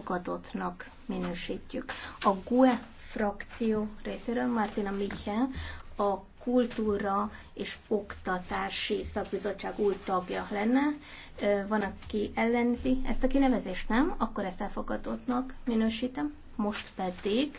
fogadottnak minősítjük. A GUE frakció részéről Martina Michel, a kultúra és oktatási szakbizottság új tagja lenne. Van, aki ellenzi ezt a kinevezést, nem? Akkor ezt elfogadottnak minősítem. Most pedig